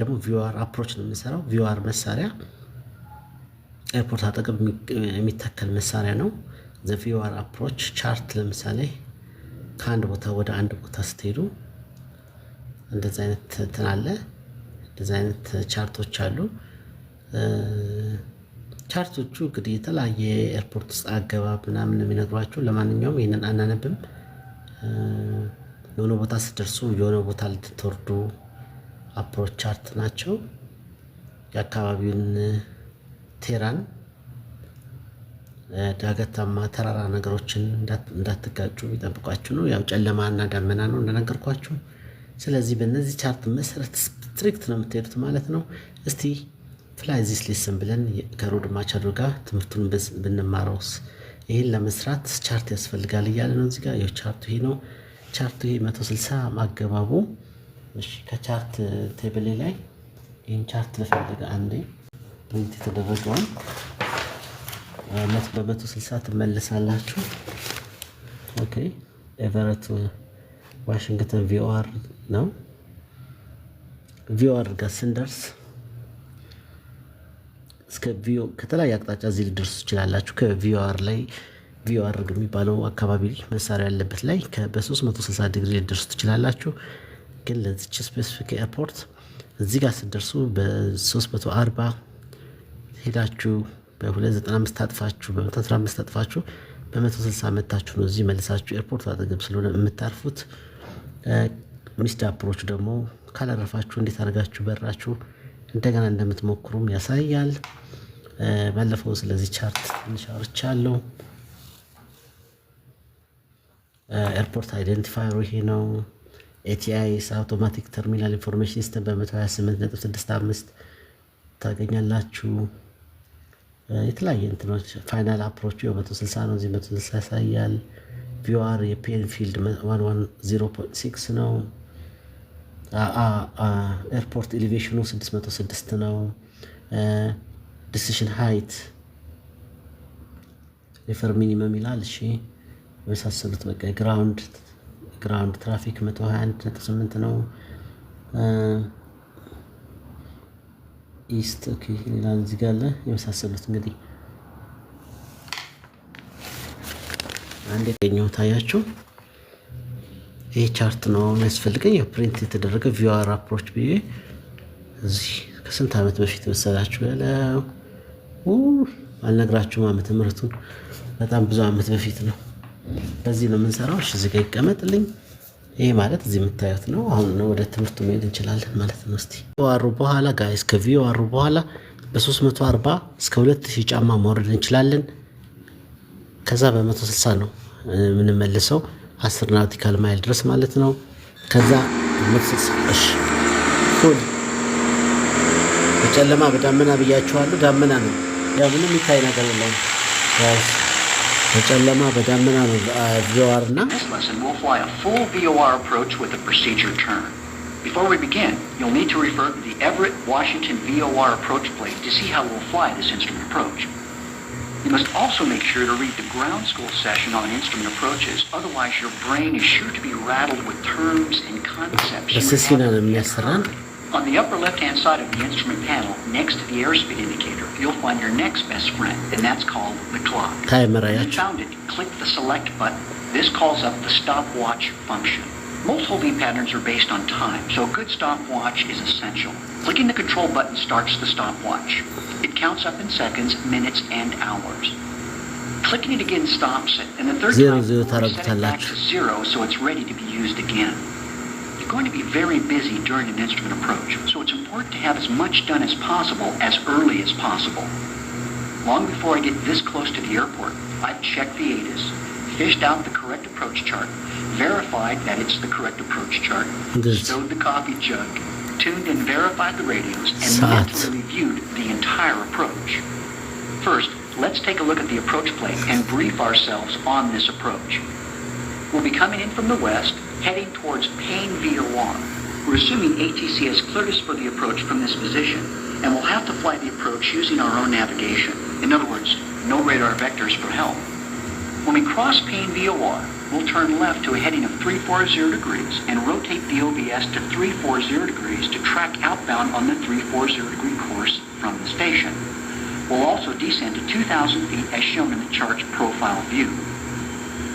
ደግሞ ቪዋር አፕሮች ነው የምንሰራው። ቪዋር መሳሪያ ኤርፖርት አጠገብ የሚተከል መሳሪያ ነው። ቪኦአር አፕሮች ቻርት ለምሳሌ ከአንድ ቦታ ወደ አንድ ቦታ ስትሄዱ እንደዚ አይነት እንትን አለ። እንደዚ አይነት ቻርቶች አሉ። ቻርቶቹ እንግዲህ የተለያየ ኤርፖርት ውስጥ አገባብ ምናምን የሚነግሯቸው። ለማንኛውም ይህንን አናነብም። የሆነ ቦታ ስትደርሱ የሆነ ቦታ ልትወርዱ አፕሮች ቻርት ናቸው። የአካባቢውን ቴራን ዳገታማ ተራራ ነገሮችን እንዳትጋጩ ይጠብቋችሁ ነው። ያው ጨለማና ደመና ነው እንደነገርኳችሁ። ስለዚህ በእነዚህ ቻርት መሰረት ስትሪክት ነው የምትሄዱት ማለት ነው። እስቲ ፍላይዚስ ሊስን ብለን ከሮድ ማቸር ጋር ትምህርቱን ብንማረውስ ይህን ለመስራት ቻርት ያስፈልጋል እያለ ነው። እዚጋ ቻርቱ ይሄ ነው። ቻርቱ ይሄ 160 ማገባቡ እሺ ከቻርት ቴብል ላይ ይህን ቻርት ልፈልግ። አንዴ ፕሪንት የተደረገውን መቶ በመቶ ስልሳ ትመልሳላችሁ። ኦኬ ኤቨረት ዋሽንግተን ቪኦአር ነው። ቪኦአር ጋር ስንደርስ እስከ ቪኦ ከተለያየ አቅጣጫ እዚህ ልደርሱ ትችላላችሁ። ከቪኦአር ላይ ቪኦአር የሚባለው አካባቢ መሳሪያ ያለበት ላይ በ360 ዲግሪ ልደርሱ ትችላላችሁ። ግን ለዚች ስፔሲፊክ ኤርፖርት እዚህ ጋር ስትደርሱ በ340 ሄዳችሁ በ295 ታጥፋችሁ በ115 ታጥፋችሁ በ160 መታችሁ ነው እዚህ መልሳችሁ ኤርፖርት አጠገብ ስለሆነ የምታርፉት። ሚስድ አፕሮቹ ደግሞ ካላረፋችሁ እንዴት አድርጋችሁ በራችሁ እንደገና እንደምትሞክሩም ያሳያል። ባለፈው ስለዚህ ቻርት ትንሽ አውርቻለሁ። ኤርፖርት አይደንቲፋየሩ ይሄ ነው። ኤቲአይስ አውቶማቲክ ተርሚናል ኢንፎርሜሽን ሲስተም በ128.65 ታገኛላችሁ። የተለያየ እንትኖች ፋይናል አፕሮቹ የ160 ነው። እዚህ 160 ያሳያል። ቪዋር የፔንፊልድ 110.6 ነው። ኤርፖርት ኤሌቬሽኑ 606 ነው። ዲሲሽን ሃይት ሪፈር ሚኒመም ይላል። እሺ የመሳሰሉት በቃ ግራውንድ ግራውንድ ትራፊክ 121.8 ነው። ኢስት ኦኬ፣ ሌላ እዚህ ጋር አለ። የመሳሰሉት እንግዲህ አንድ የገኘው ታያችሁ። ይህ ቻርት ነው የሚያስፈልገኝ። የፕሪንት የተደረገ ቪዋር አፕሮች ብዬ እዚህ ከስንት ዓመት በፊት መሰላችሁ ያለው አልነግራችሁም። ዓመተ ምሕረቱን በጣም ብዙ ዓመት በፊት ነው። ለዚህ ነው የምንሰራው። እሺ እዚህ ጋር ይቀመጥልኝ። ይሄ ማለት እዚህ የምታዩት ነው። አሁን ነው ወደ ትምህርቱ መሄድ እንችላለን ማለት ነው። እስቲ ዋሩ በኋላ ጋይስ ከቪዮ ዋሩ በኋላ በ340 እስከ 2000 ጫማ ማውረድ እንችላለን። ከዛ በ160 ነው የምንመልሰው 10 ናውቲካል ማይል ድረስ ማለት ነው። ከዛ 160 እሺ ሁን በጨለማ በዳመና ብያችኋለሁ። ዳመና ነው ያው ምንም የሚታይ ነገር የለውም ጋይስ በጨለማ በዳመና ነው ቪኦአር uh, እና This lesson we'll fly a full VOR approach with a procedure turn. Before we begin, you'll need to refer to the Everett, Washington VOR approach plate to see how we'll fly this instrument approach. You must also make sure to read the ground school session on instrument approaches, otherwise your brain is sure to be rattled with terms and concepts. On the upper left-hand side of the instrument panel, next to the airspeed indicator, you'll find your next best friend, and that's called the clock. Maria. you found it, click the select button. This calls up the stopwatch function. Most holding patterns are based on time, so a good stopwatch is essential. Clicking the control button starts the stopwatch. It counts up in seconds, minutes, and hours. Clicking it again stops it, and the third time it back to zero so it's ready to be used again you're going to be very busy during an instrument approach, so it's important to have as much done as possible as early as possible. Long before I get this close to the airport, I've checked the ATIS, fished out the correct approach chart, verified that it's the correct approach chart, Good. stowed the coffee jug, tuned and verified the radios, and mentally reviewed the entire approach. First, let's take a look at the approach plate and brief ourselves on this approach. We'll be coming in from the west heading towards Paine VOR, We're assuming ATC has cleared us for the approach from this position, and we'll have to fly the approach using our own navigation. In other words, no radar vectors for help. When we cross Paine VOR, we'll turn left to a heading of 340 degrees and rotate the OBS to 340 degrees to track outbound on the 340 degree course from the station. We'll also descend to 2,000 feet as shown in the chart's profile view.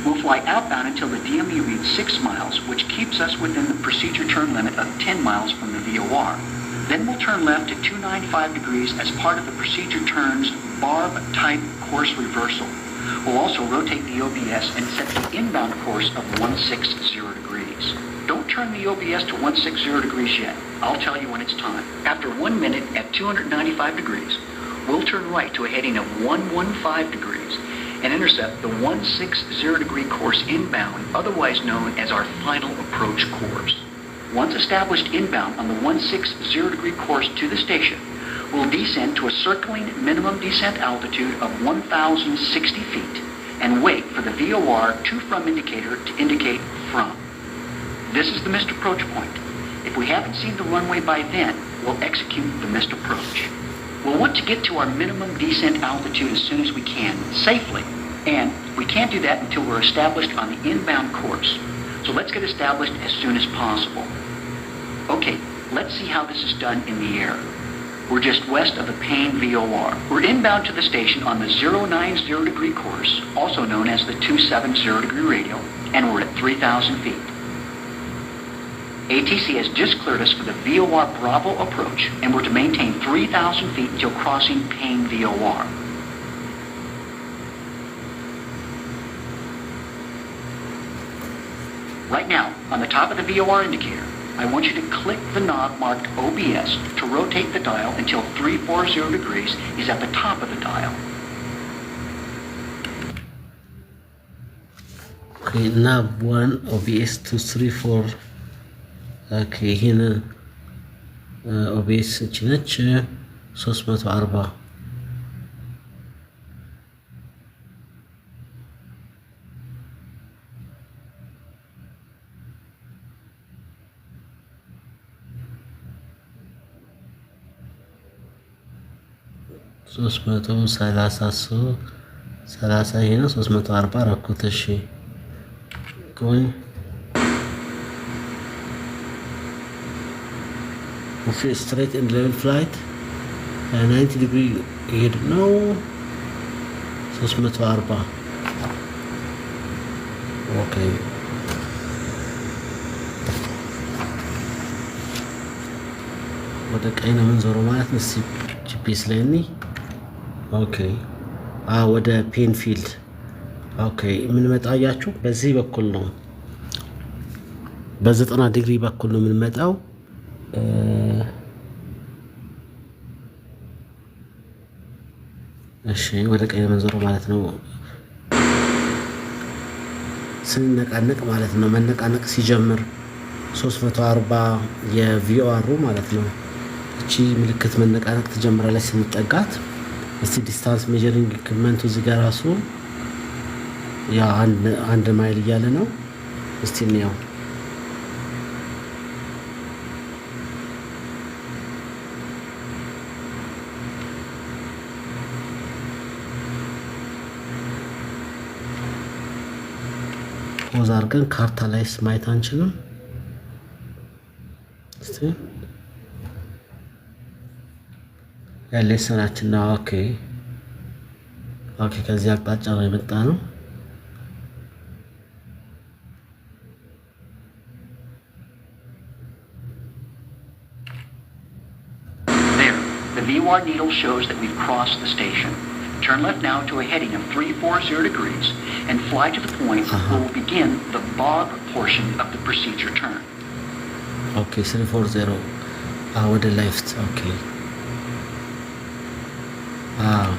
We'll fly outbound until the DME reads 6 miles, which keeps us within the procedure turn limit of 10 miles from the VOR. Then we'll turn left to 295 degrees as part of the procedure turn's barb type course reversal. We'll also rotate the OBS and set the inbound course of 160 degrees. Don't turn the OBS to 160 degrees yet. I'll tell you when it's time. After one minute at 295 degrees, we'll turn right to a heading of 115 degrees and intercept the 160 degree course inbound, otherwise known as our final approach course. Once established inbound on the 160 degree course to the station, we'll descend to a circling minimum descent altitude of 1,060 feet and wait for the VOR to from indicator to indicate from. This is the missed approach point. If we haven't seen the runway by then, we'll execute the missed approach we want to get to our minimum descent altitude as soon as we can, safely. And we can't do that until we're established on the inbound course. So let's get established as soon as possible. Okay, let's see how this is done in the air. We're just west of the Payne VOR. We're inbound to the station on the 090 degree course, also known as the 270 degree radial, and we're at 3,000 feet. ATC has just cleared us for the VOR Bravo approach, and we're to maintain 3,000 feet until crossing Payne VOR. Right now, on the top of the VOR indicator, I want you to click the knob marked OBS to rotate the dial until 340 degrees is at the top of the dial. Okay, knob 1, OBS 234. ይህን ኦቤስ ችነች 340 ሶስት መቶ ሰላሳ ሰላሳ ይሄ ነው። ሶስት መቶ አርባ ረኩት እሺ ቆይ ስትሬት ኤንድ ሌቭል ፍላይት ናይንቲ ዲግሪ ይሄድ ነው። ሶስት ኦኬ ወደ ቀኝ ነው የምንዞረው ማለት ነው። ጂፒኤስ ላይ እኔ ኦኬ ወደ ፔንፊልድ ኦኬ የምንመጣ እያችሁ በዚህ በኩል ነው በዘጠና ዲግሪ በኩል ነው የምንመጣው። ወደ ቀኝ የምንዞረ ማለት ነው። ስንነቃነቅ ማለት ነው። መነቃነቅ ሲጀምር 340 የቪኦአሩ ማለት ነው። እቺ ምልክት መነቃነቅ ትጀምራለች ስንጠጋት። እስቲ ዲስታንስ ሜጀሪንግ ኢኩፕመንቱ እዚህ ጋር ራሱ አንድ ማይል እያለ ነው። እስቲ እንየው። ፖዝ አድርገን ካርታ ላይስ ማየት አንችልም። ያለ ስራችን ነው። ኦኬ ኦኬ። ከዚህ አቅጣጫ ነው የመጣ ነው። The V1 needle shows that we've crossed the station. Turn left now to a heading of 340 degrees and fly to the point where uh-huh. we'll begin the bog portion of the procedure turn. Okay, 340. Over ah, the left, okay. Ah,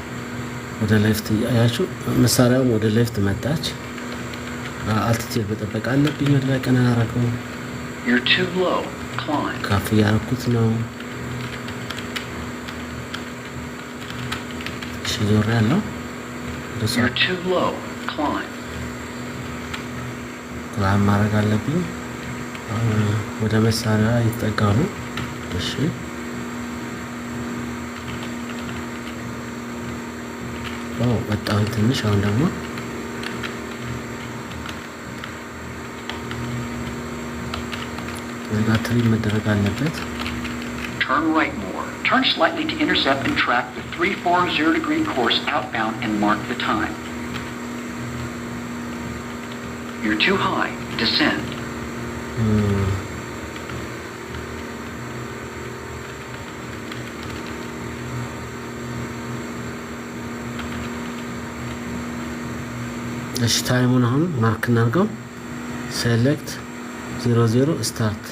over the left, yeah, sure. I'm with the left, my touch. Ah, altitude, but I'm not being like an Aragon. You're too low. Climb. Coffee, I'll put ዞር ያለው ክላም ማድረግ አለብኝ። ወደ መሳሪያ ይጠጋሉ ነው። እሺ በጣም ትንሽ። አሁን ደግሞ እዚህ ጋር መደረግ አለበት። Turn slightly to intercept and track the 340 degree course outbound and mark the time. You're too high. Descend. Mm. time on አሁን Mark እናድርገው። Select 00 start.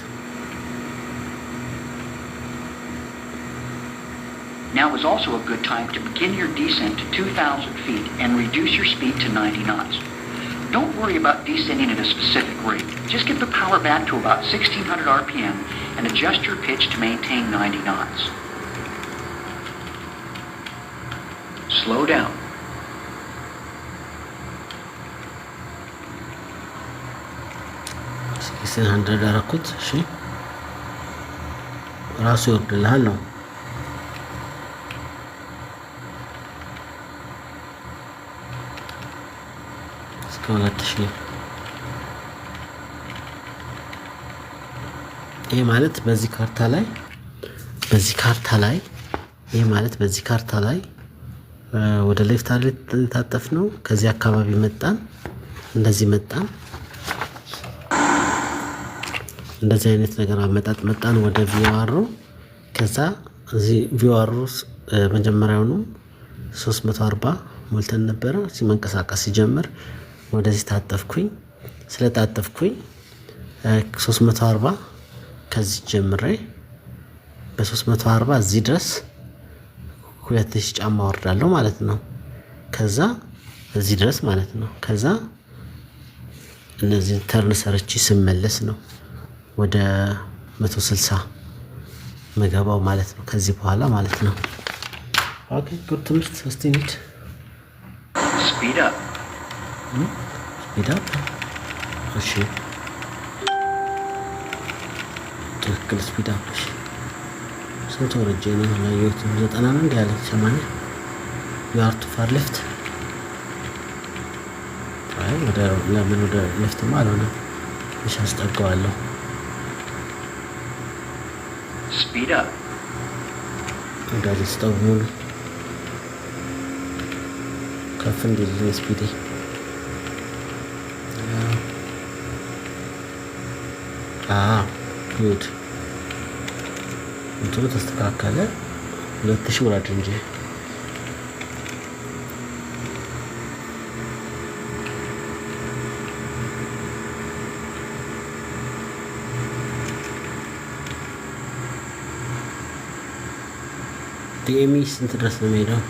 was also a good time to begin your descent to 2,000 feet and reduce your speed to 90 knots. Don't worry about descending at a specific rate. Just get the power back to about 1600 RPM and adjust your pitch to maintain 90 knots. Slow down. Sixteen hundred are good, see? Rasio Delano. ከሁለት ሺህ ይህ ማለት በዚህ ካርታ ላይ በዚህ ካርታ ላይ ይህ ማለት በዚህ ካርታ ላይ ወደ ሌፍት አለ የታጠፍ ነው። ከዚህ አካባቢ መጣን፣ እንደዚህ መጣን፣ እንደዚህ አይነት ነገር አመጣጥ መጣን ወደ ቪዋሮ። ከዛ እዚህ ቪዋሮ መጀመሪያውኑ 340 ሞልተን ነበረ። ሲመንቀሳቀስ ሲጀምር ወደዚህ ታጠፍኩኝ። ስለታጠፍኩኝ 340 ከዚህ ጀምሬ በ340 እዚህ ድረስ 2000 ጫማ ወርዳለሁ ማለት ነው። ከዛ እዚህ ድረስ ማለት ነው። ከዛ እነዚህን ተርን ሰርቼ ስመለስ ነው ወደ 160 መገባው ማለት ነው። ከዚህ በኋላ ማለት ነው። ኦኬ ጉድ ትምህርት ስቲኒድ ስፒድ አፕ ሄዳ እሺ፣ ትክክል ስፒድ አፕ። እሺ፣ ስንት ወርጄ ነው ላየሁት? ዘጠና ነው እንዲ ያለኝ ሰማንያ የአርቱ ፋር ሌፍት ለምን ወደ ሌፍትማ አልሆነ። እሺ፣ አስጠጋዋለሁ ስፒድ አፕ እንዳልስጠው ከፍ እንዲል ስፒዴ ይሁት እንትኑ ተስተካከለ። ሁለት ሺህ ውረድ እንጂ ዲኤሚ ስንት ድረስ ነው የሚሄደው?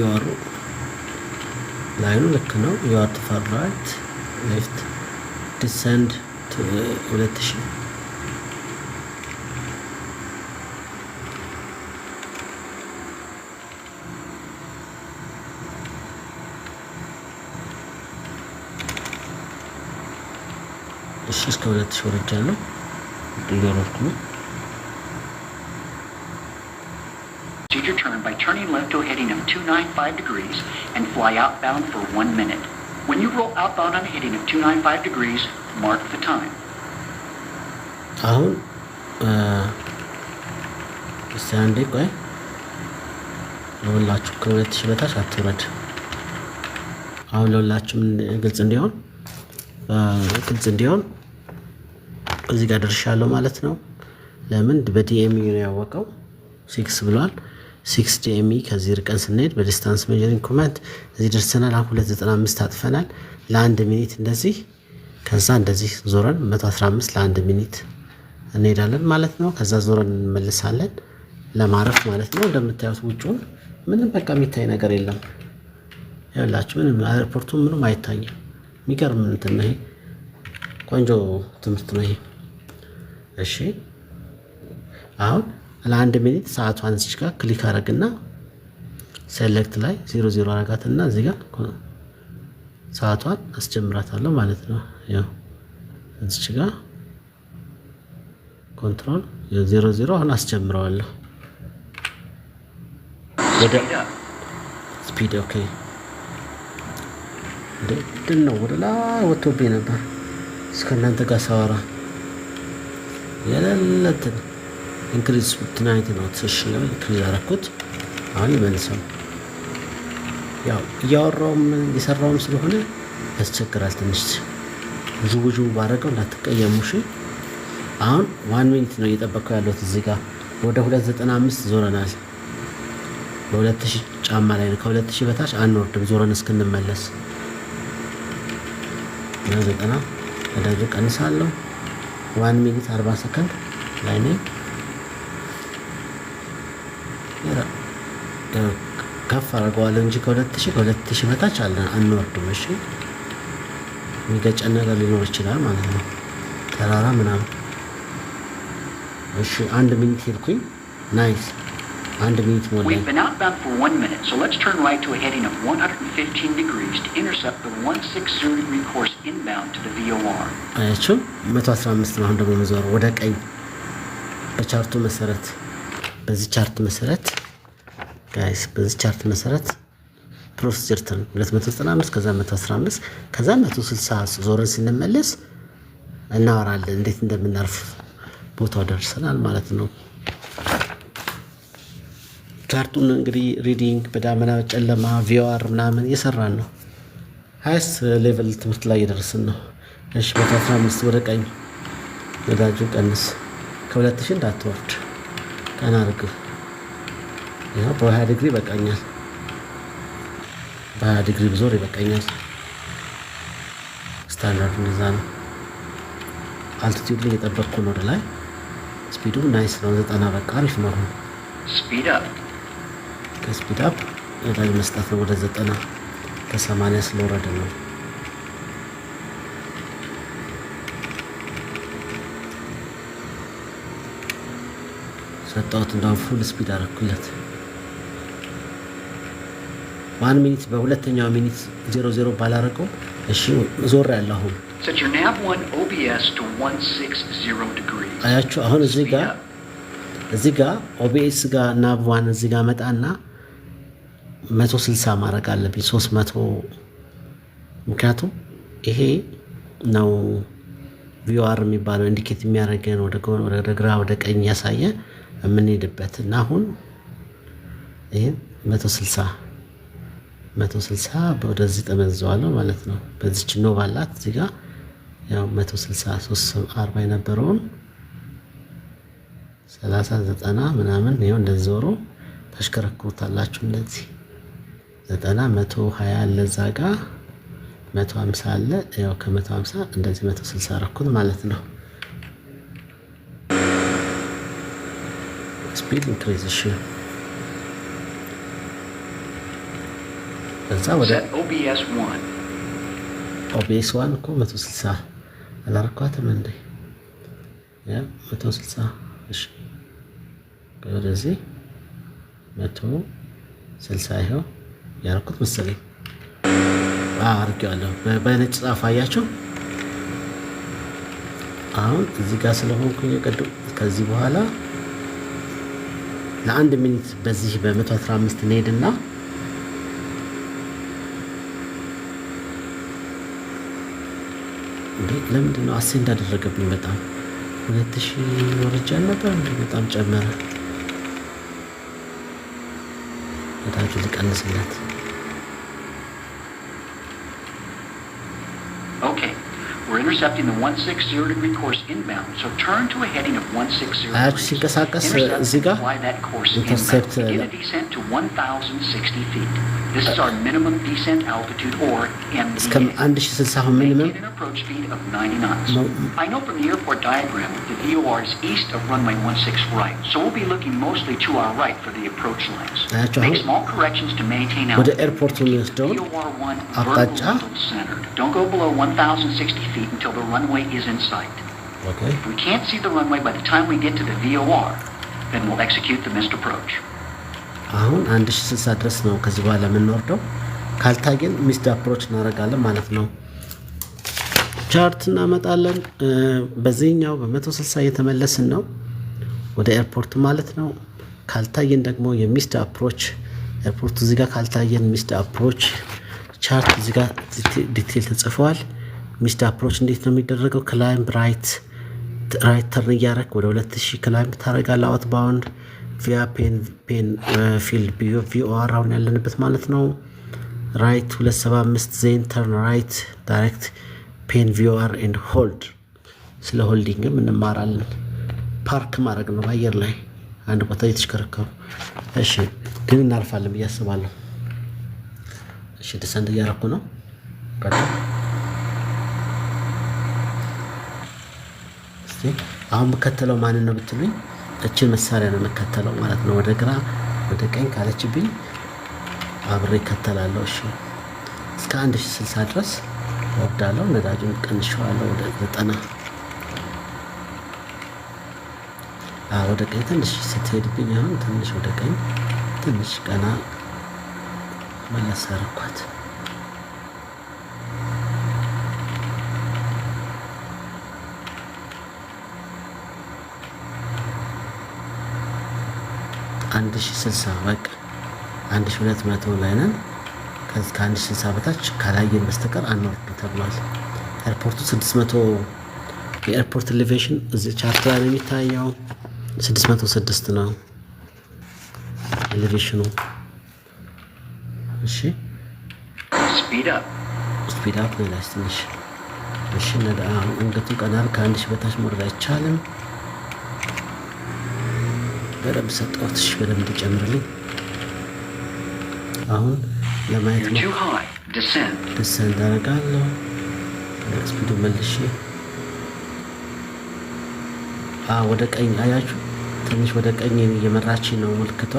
ዩአር ላይኑ ልክ ነው። ዩአር ቱ ፋር ራይት ሌፍት ዲሰንድ ሁለት ሺ እሺ እስከ ሁለት ሺ ወረጃ ነው ነው። Did your turn by turning left to a heading of 295 degrees and fly outbound for one minute. When you roll outbound on a heading of 295 degrees, mark the time. አሁን እስቲ አንዴ ቆይ ለሁላችሁ ከሁለት ሺህ በታች አትውረድ። አሁን ለሁላችሁም ግልጽ እንዲሆን ግልጽ እንዲሆን እዚህ ጋር ደርሻለሁ ማለት ነው። ለምን በዲኤም ነው ያወቀው ሲክስ ብሏል። ሲክስ ዲኤሚ ከዚህ ርቀን ስንሄድ በዲስታንስ ሜጀሪንግ ኮማንድ እዚህ ደርሰናል። ሀ 295 ታጥፈናል ለአንድ ሚኒት እንደዚህ፣ ከዛ እንደዚህ ዞረን 115 ለአንድ ሚኒት እንሄዳለን ማለት ነው። ከዛ ዞረን እንመልሳለን ለማረፍ ማለት ነው። እንደምታዩት ውጭውን ምንም በቃ የሚታይ ነገር የለም። ያላችሁ ምንም አይርፖርቱ ምንም አይታይም። የሚገርም እንትን ነው ይሄ። ቆንጆ ትምህርት ነው ይሄ። እሺ አሁን ለአንድ ሚኒት ሰዓቷን እዚች ጋር ክሊክ አረግና ሴሌክት ላይ ዜሮ ዜሮ አረጋትና እዚህ ጋር ሰዓቷን አስጀምራታለሁ ማለት ነው። ያው እዚች ጋር ኮንትሮል ዜሮ ዜሮ አሁን አስጀምረዋለሁ ወደ ስፒድ ኦኬ። ምንድን ነው ወደ ላይ ወጥቶብኝ ነበር እስከ እናንተ ጋር ሳወራ የሌለትን ኢንክሪዝ ትናይት ነው ተሽለ ኢንክሪዝ አረኩት። አሁን ይመልሰው። ያው እያወራውም እየሰራውም ስለሆነ ያስቸግራል ትንሽ ብዙ ብዙ ባረገው እንዳትቀየሙ እሺ። አሁን ዋን ሚኒት ነው እየጠበቀው ያለሁት እዚህ ጋር ወደ 295 ዞረናል። በ2000 ጫማ ላይ ከ ከ2000 በታች አንወርድም ዞረን እስክንመለስ ነው። ዘጠና ወደ ቀንሳለሁ። ዋን ሚኒት 40 ሰከንድ ላይ ነኝ። ከፍ አድርገዋለሁ እንጂ ከሁለት ሺህ ከሁለት ሺህ በታች አለ አንወርድም። እሺ የሚገጨን ነገር ሊኖር ይችላል ማለት ነው። ተራራ ምናምን። እሺ አንድ ሚኒት ሄድኩኝ። ናይስ አንድ ሚኒት ሞላ። አያችሁ፣ 115 ነው። አሁን ደግሞ መዞር ወደ ቀኝ በቻርቱ መሰረት በዚህ ቻርት መሰረት ጋይስ በዚህ ቻርት መሰረት ፕሮሲጀር ተርን 295 ከዛ 115 ከዛ 160 ዞረን ስንመለስ እናወራለን እንዴት እንደምናርፍ ቦታው ደርሰናል ማለት ነው። ቻርቱን እንግዲህ ሪዲንግ በዳመና ጨለማ ቪዋር ምናምን እየሰራን ነው። ሀያስ ሌቨል ትምህርት ላይ እየደረስን ነው። እሺ መቶ 15 ወደ ቀኝ ነዳጁን ቀንስ፣ ከ ከ2000 እንዳትወርድ ቀና አድርግ። ይኸው በሀያ ዲግሪ ይበቃኛል። በሀያ ዲግሪ ብዞር ይበቃኛል። እንደዛ ነው። አልቲቲዩድ እየጠበቅኩ ነው ወደ ላይ። ስፒዱ ናይስ ነው፣ ዘጠና በቃ አሪፍ ነው። አሁን ስፒድ አፕ ከስፒድ አፕ መስጠት ነው ወደ ዘጠና ከሰማንያ ስለወረደ ነው። ሰጣሁት ፉል ስፒድ አደረኩለት። በአንድ ሚኒት በሁለተኛው ሚኒት ዜሮ ዜሮ ባላረገው እሺ ዞር ያለ አሁን አያችሁ። አሁን እዚህ ጋር እዚህ ጋር ኦቢኤስ ጋር ናብ ዋን እዚህ ጋር መጣና 160 ማድረግ አለብኝ 300 ምክንያቱም ይሄ ነው ቪዋር የሚባለው ኢንዲኬት የሚያደርገን ወደ ግራ ወደ ቀኝ ያሳየ የምንሄድበት እና አሁን ይህ 160 መቶ ስልሳ ወደዚህ ጠመዘዋለሁ ማለት ነው። በዚች ኖ ባላት እዚህ ጋ ያው መቶ ስልሳ ሶስት አርባ የነበረውን ሰላሳ ዘጠና ምናምን ይኸው እንደዚህ ዞሮ ታሽከረክሩታላችሁ። እንደዚህ ዘጠና መቶ ሀያ አለ እዛ ጋ መቶ አለ ያው ከመቶ ሀምሳ እንደዚህ መቶ ስልሳ ረኩት ማለት ነው። ስፒድ ኢንክሪዝ ከዛ ወደ ኦቢኤስ ዋን እኮ መቶ ስልሳ አላረኳትም እንዴ? ያ መቶ ስልሳ እሺ፣ ወደዚህ መቶ ስልሳ ይኸው ያረኩት መሰለኝ አርጌዋለሁ። በነጭ ጻፍ አያቸው አሁን እዚህ ጋር ስለሆንኩ የቀድም ከዚህ በኋላ ለአንድ ሚኒት በዚህ በመቶ 115 አምስት እንሄድና ለምንድን ነው አሴ እንዳደረገብኝ? በጣም ሁለት ሺ ወርጃ ነበር እንዲ በጣም ጨመረ። ወዳጁ ልቀንስለት We're intercepting the 160 degree course inbound, so turn to a heading of 160 عاد ሲንቀሳቀስ እዚህ ጋር ኢንተርሴፕት in a descent to 1060 feet. This is our minimum descent altitude or MDA. እስከ 1060 ሚኒመም an approach speed of 90 knots. I know from the airport diagram that the VOR is east of runway 16 right, so we'll be looking mostly to our right for the approach lines. Uh, Make small corrections to maintain altitude. ወደ ኤርፖርት የሚወስደውን አቅጣጫ Don't go below 1060 feet feet until the runway is in sight. Okay. If we can't see the runway by the time we get to the VOR, then we'll execute the missed approach. አሁን 1060 ድረስ ነው ከዚህ በኋላ የምንወርደው። ካልታየን ሚስድ አፕሮች እናደርጋለን ማለት ነው። ቻርት እናመጣለን። በዚህኛው በመቶ 160 እየተመለስን ነው ወደ ኤርፖርት ማለት ነው። ካልታየን ደግሞ የሚስድ አፕሮች ኤርፖርቱ እዚህ ካልታየን ሚስድ አፕሮች ቻርት እዚህ ዲቴል ተጽፈዋል። ሚስድ አፕሮች እንዴት ነው የሚደረገው? ክላይምብ ራይት ራይት ተርን እያረክ ወደ 2000 ክላይምብ ታደርጋለህ። አውት ባውንድ ቪያ ፔን ፊልድ ቪኦአር አሁን ያለንበት ማለት ነው። ራይት 275 ዜን ተርን ራይት ዳይሬክት ፔን ቪኦአር ኤንድ ሆልድ። ስለ ሆልዲንግም እንማራለን። ፓርክ ማድረግ ነው አየር ላይ አንድ ቦታ እየተሽከረከሩ። እሺ ግን እናልፋለን ብዬ አስባለሁ። እሺ ደሰንድ እያረኩ ነው። አጥፍቼ አሁን የምከተለው ማንን ነው ብትሉኝ እችን መሳሪያ ነው የምከተለው ማለት ነው። ወደ ግራ ወደ ቀኝ ካለችብኝ አብሬ እከተላለሁ። እሺ እስከ አንድ ድረስ ወርዳለሁ። ነዳጁን ቀንሸዋለሁ ወደ 90 ወደ ቀኝ ትንሽ ስትሄድብኝ አሁን ትንሽ ወደ ቀኝ ትንሽ ቀና መለስ አደረኳት። አንድ ሺ ስልሳ በቃ አንድ ሺ ሁለት መቶ ላይ ነን። ከአንድ ሺ ስልሳ በታች ካላየን በስተቀር አንወርድ ተብሏል። ኤርፖርቱ ስድስት መቶ የኤርፖርት ኤሌቬሽን እዚህ ቻርት ላይ ነው የሚታየው። ስድስት መቶ ስድስት ነው ኤሌቬሽኑ። እሺ ስፒድ አፕ ስፒድ አፕ ትንሽ እሺ ነዳ ቀናል። ከአንድ ሺ በታች መውረድ አይቻልም። በደንብ ሰጠዋት። እሺ በደንብ እንዲጨምርልኝ አሁን ለማየት ነው። ደሰንት አደርጋለሁ። ስፒዱ መልሼ ወደ ቀኝ አያችሁ፣ ትንሽ ወደ ቀኝ እየመራች ነው ምልክቷ።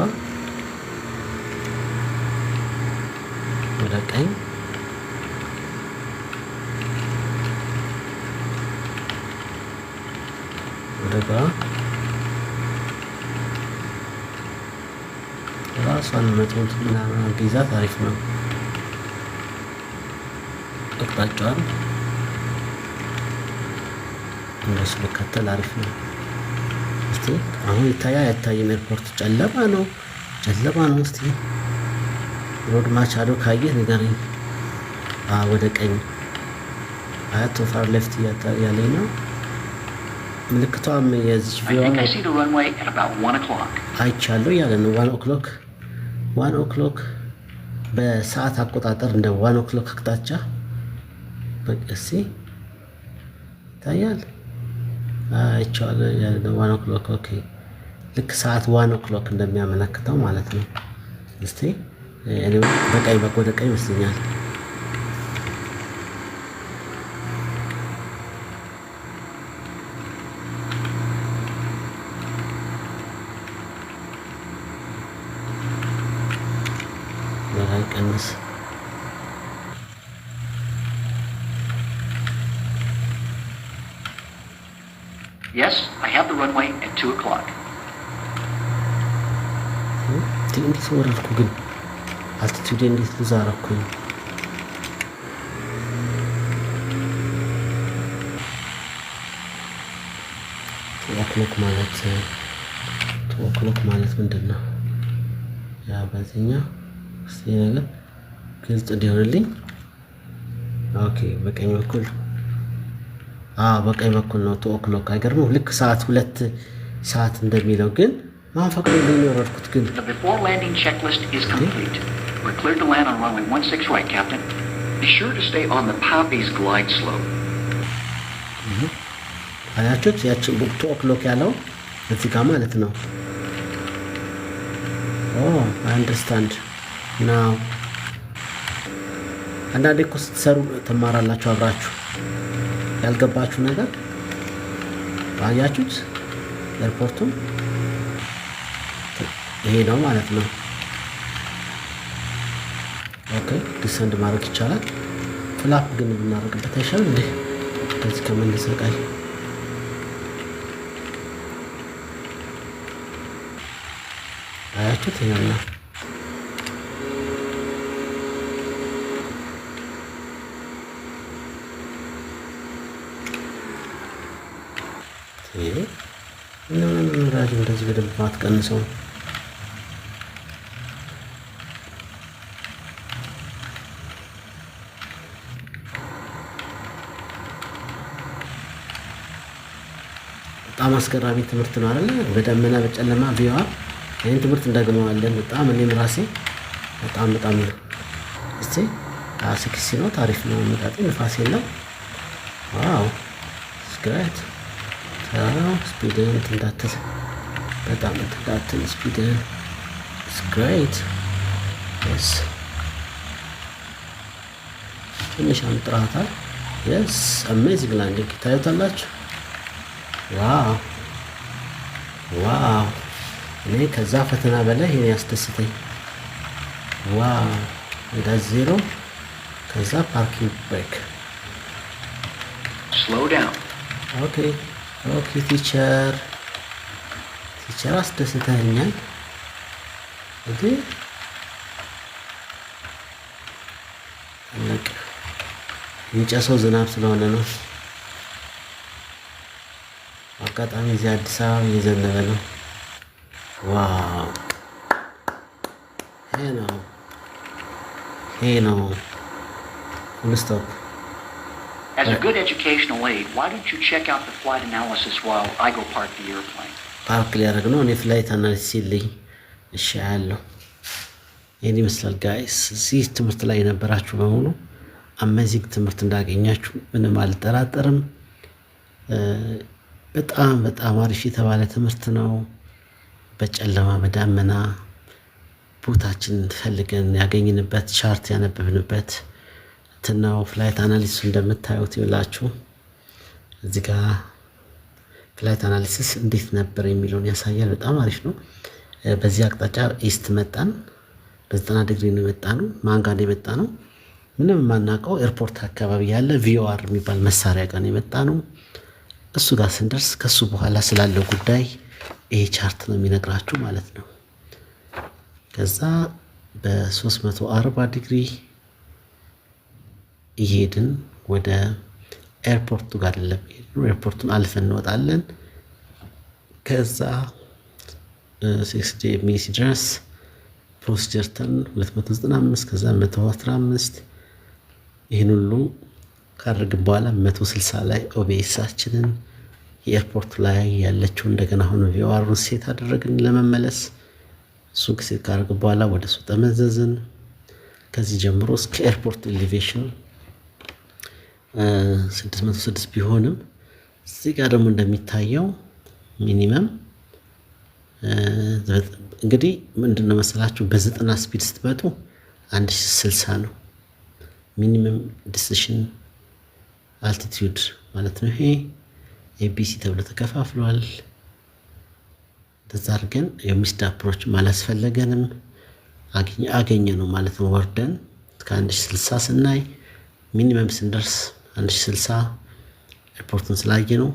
ወደ ቀኝ ወደ ግራ እሷን መቶት ምናምን ቢይዛት አሪፍ ነው። አቅጣጫዋን እንደሱ መከተል አሪፍ ነው። እስቲ አሁን ይታያ አይታይም? ኤርፖርት ጨለማ ነው፣ ጨለማ ነው። እስቲ ሮድ ማቻዶ ካየ ንገረኝ። ወደ ቀኝ አያቶ ፋር ሌፍት እያለኝ ነው። ምልክቷም የዚች ቪዋ አይቻለሁ እያለ ነው ዋን ኦክሎክ ዋን ኦክሎክ በሰዓት አቆጣጠር እንደ ዋን ኦክሎክ አቅጣጫ በቀሲ ይታያል ይቸዋል። ዋን ኦክሎክ ኦኬ፣ ልክ ሰዓት ዋን ኦክሎክ እንደሚያመለክተው ማለት ነው። እስቲ በቀኝ በኩል ወደ ቀኝ ይመስለኛል አልኩ፣ ግን አልቲቱዴ እንዴት ልዛ አረኩኝ? ቱኦክሎክ ማለት ቱኦክሎክ ማለት ምንድን ነው? ያ በዚህኛ ስ ነገር ግልጽ እንዲሆንልኝ። ኦኬ በቀኝ በኩል በቀኝ በኩል ነው ቱኦክሎክ። አይገርምም? ልክ ሰዓት ሁለት ሰዓት እንደሚለው ግን ፈቅዶ የወረድኩት ግን አያችሁት? ያችን ቱ ኦክሎክ ያለው እዚህ ጋር ማለት ነው። አንደርስታንድ ናው። አንዳንዴ እኮ ስትሰሩ ትማራላችሁ አብራችሁ ያልገባችሁ ነገር አያችሁት? ኤርፖርቱም ይሄ ነው ማለት ነው። ኦኬ ዲሰንድ ማድረግ ይቻላል። ፍላፕ ግን ብናደርግበት አይሻልም እንዴ? ከዚህ ከመነሰቃይ አያችሁት ይሄና ይሄ እንደዚህ በደንብ ማትቀንሰው በጣም አስገራሚ ትምህርት ነው አለ በደመና በጨለማ ቢዋ ይህን ትምህርት እንደግመዋለን። በጣም እኔም ራሴ በጣም በጣም እስቲ ስክሲ ነው ታሪፍ ነው መጣጤ ንፋስ የለም ዋው ስክራት ስፒድን እንዳትል በጣም ትንዳትል ስፒድን ስክራት ስ ትንሽ አምጥራታል የስ አሜዚንግ ላንዲንግ ታዩታላችሁ። ዋው ዋው! እኔ ከዛ ፈተና በላይ ይሄን ያስደስተኝ። ዋው ወደ ዜሮ፣ ከዛ ፓርኪንግ ብሬክ። ኦኬ ኦኬ፣ ቲቸር ቲቸር አስደስተኛል። እዴ የሚጨሰው ዝናብ ስለሆነ ነው። አጋጣሚ እዚህ አዲስ አበባ እየዘነበ ነው። ዋው! ይሄ ነው ይሄ ነው ሁልስቶፕ ፓርክ ሊያደርግ ነው። እኔ ፍላይት አናሊሲስ ሲልኝ እሺ ያለው ይህን ይመስላል። ጋይስ እዚህ ትምህርት ላይ የነበራችሁ በሙሉ አመዚግ ትምህርት እንዳገኛችሁ ምንም አልጠራጠርም። በጣም በጣም አሪፍ የተባለ ትምህርት ነው። በጨለማ በዳመና ቦታችን ፈልገን ያገኝንበት ቻርት ያነበብንበት ትናው ፍላይት አናሊሲስ እንደምታዩት ይውላችሁ እዚህ ጋ ፍላይት አናሊሲስ እንዴት ነበር የሚለውን ያሳያል። በጣም አሪፍ ነው። በዚህ አቅጣጫ ኢስት መጣን። በዘጠና ዲግሪ ነው የመጣ ነው። ማንጋ ነው የመጣ ነው። ምንም የማናውቀው ኤርፖርት አካባቢ ያለ ቪኦአር የሚባል መሳሪያ ጋር ነው የመጣ ነው። እሱ ጋር ስንደርስ ከሱ በኋላ ስላለው ጉዳይ ይሄ ቻርት ነው የሚነግራችሁ ማለት ነው። ከዛ በ340 ዲግሪ እየሄድን ወደ ኤርፖርቱ ጋር ለመሄድ ነው። ኤርፖርቱን አልፈን እንወጣለን። ከዛ ሴክስ ዴሚ ሲደርስ ፕሮሲጀርተን 295 ከዛ 115 ይህን ሁሉ ካደረግን በኋላ መቶ ስልሳ ላይ ኦቤሳችንን የኤርፖርት ላይ ያለችው እንደገና አሁን ቪዋሩን ሴት አደረግን ለመመለስ እሱ ሴት ካደረግ በኋላ ወደ እሱ ተመዘዝን። ከዚህ ጀምሮ እስከ ኤርፖርት ኤሌቬሽን 606 ቢሆንም እዚህ ጋር ደግሞ እንደሚታየው ሚኒመም እንግዲህ ምንድን ነው መሰላችሁ በዘጠና ስፒድ ስትመጡ አንድ ስልሳ ነው ሚኒመም ዲሲሽን አልቲቲዩድ ማለት ነው። ይሄ ኤቢሲ ተብሎ ተከፋፍሏል። እንደዛ አድርገን የሚስድ አፕሮች አላስፈለገንም አገኘ ነው ማለት ነው። ወርደን ከ1060 ስናይ ሚኒመም ስንደርስ አንድ ሺህ ኤርፖርትን ስላየ ነው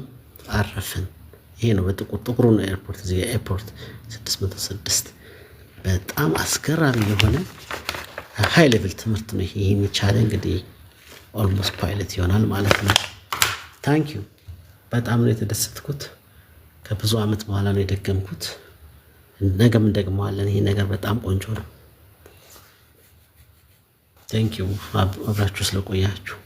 አረፍን። ይሄ ነው በጥቁር ጥቁሩ ነው ኤርፖርት እዚህ ኤርፖርት 606 በጣም አስገራሚ የሆነ ሀይ ሌቭል ትምህርት ነው። ይሄን ይቻለ እንግዲህ ኦልሞስት ፓይለት ይሆናል ማለት ነው። ታንክ ዩ በጣም ነው የተደሰትኩት። ከብዙ ዓመት በኋላ ነው የደገምኩት። ነገም እንደግመዋለን። ይሄ ነገር በጣም ቆንጆ ነው። ታንክ ዩ አብራችሁ ስለቆያችሁ